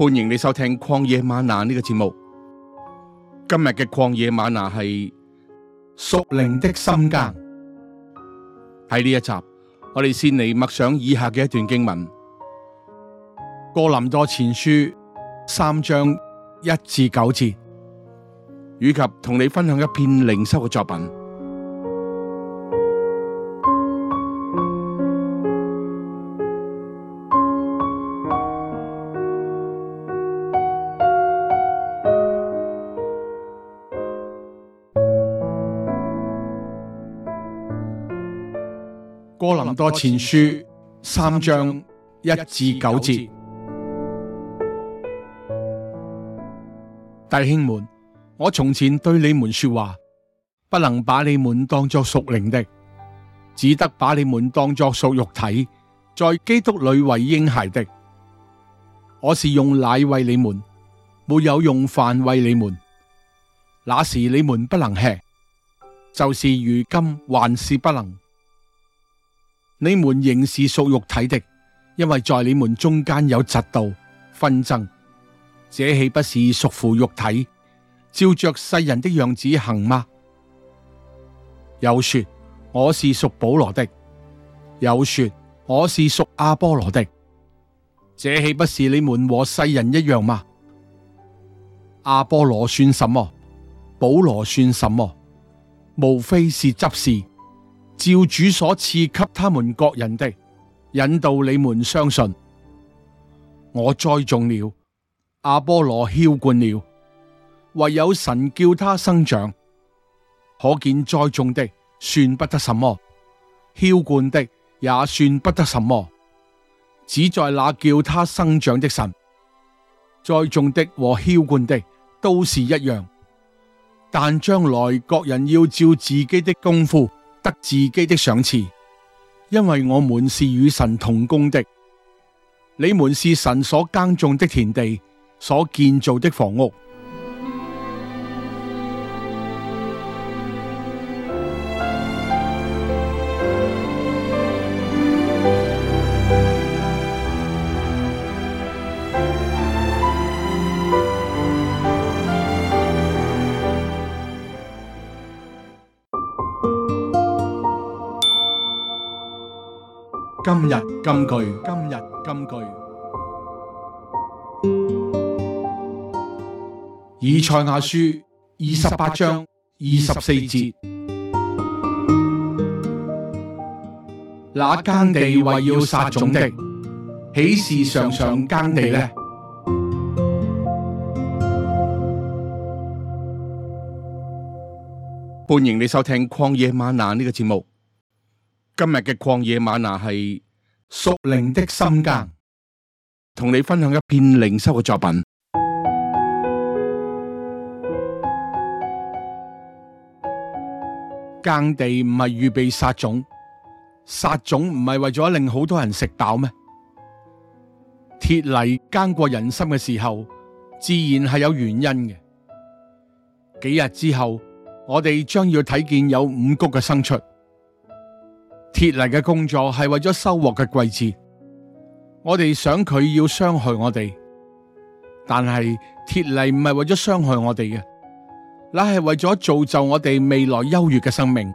歡迎你收聽曠野嗎哪呢、這個節目。今日嘅曠野嗎哪係屬靈的深耕。喺呢一集，我哋先嚟默想以下嘅一段經文：《哥林多前書》三章一至九節，以及同你分享一篇靈修嘅作品。哥林多前書三章，三章一至九節，弟兄們，我從前對你們說話，不能把你們當作屬靈的，只得把你們當作屬肉體、在基督裏為嬰孩的。我是用奶餵你們，沒有用飯餵你們。那時你們不能吃，就是如今還是不能。你們仍是屬肉體的，因為在你們中間有嫉妒紛爭，這豈不是屬乎肉體，照着世人的樣子行嗎？有說我是屬保羅的，有說我是屬阿波羅的，這豈不是你們和世人一樣嗎？阿波羅算什麼？保羅算什麼？無非是執事。照主所賜給他們各人的引導，你們相信我栽種了，阿波羅澆灌了，唯有神叫他生長。可見栽種的算不得什麼，澆灌的也算不得什麼，只在那叫他生長的神。栽種的和澆灌的都是一樣，但將來各人要照自己的功夫。得自己的賞賜，因為我們是與神同工的，你們是神所耕種的田地，所建造的房屋。今日金句，今日金句。以賽亞書二十八章二十四節，那耕地為要撒種的，豈是常常耕地呢？歡迎你收聽曠野嗎哪呢、這個節目。今日嘅曠野嗎哪係屬靈的深耕，同你分享一篇靈修嘅作品。耕地唔係預備撒種，撒種唔係為咗令好多人食飽咩？鐵犁耕過人心嘅時候，自然係有原因嘅。幾日之後，我哋將要睇見有五穀嘅生出。鐵犁嘅工作係為咗收穫嘅季節，我哋想佢要傷害我哋，但係鐵犁唔係為咗傷害我哋嘅，乃係為咗造就我哋未來優越嘅生命。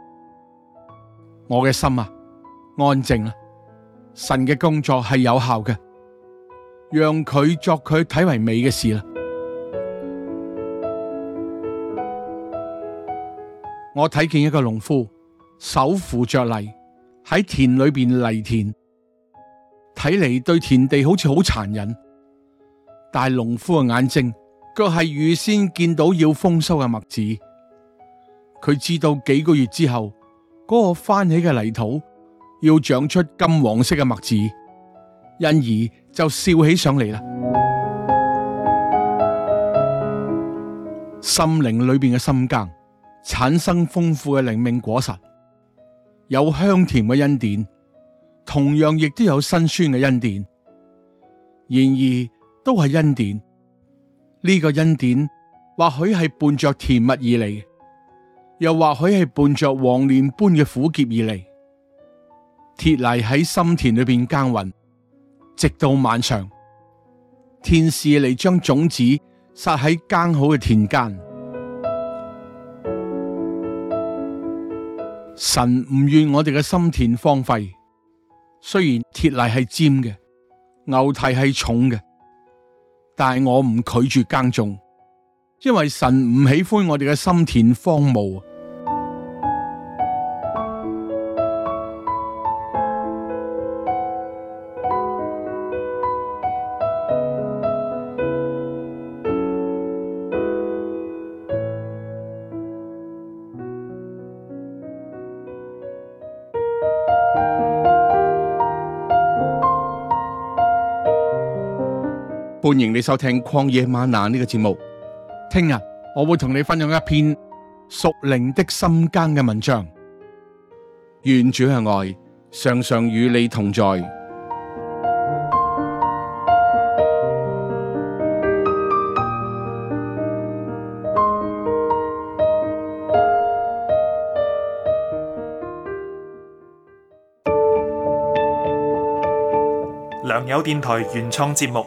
我嘅心啊，安靜啦、啊，神嘅工作係有效嘅，讓佢作佢睇為美嘅事啦。我睇見一個農夫手扶着犁。喺田裏邊犁田，睇嚟，對田地好似好殘忍，但係農夫嘅眼睛卻係預先見到要豐收嘅麥子。佢知道幾個月之後，嗰、那個翻起嘅泥土要長出金黃色嘅麥子，因而就笑起上嚟啦。心靈裏邊嘅深耕，產生豐富嘅靈命果實。有香甜嘅恩典，同樣亦都有辛酸嘅恩典。然而，都係恩典。呢、這個恩典或許係伴着甜蜜而嚟，又或許係伴着黃連般嘅苦澀而嚟。鐵犁喺心田裏邊耕耘，直到晚上。天使嚟將種子撒喺耕好嘅田間。神唔願我哋嘅心田荒廢，雖然鐵犁係尖嘅，牛蹄係重嘅，但係我唔拒絕耕種，因為神唔喜歡我哋嘅心田荒蕪。歡迎你收聽曠野嗎哪呢個節目。聽日我會同你分享一篇屬靈的心間嘅文章。願主嘅愛常常與你同在。良友電台原創節目。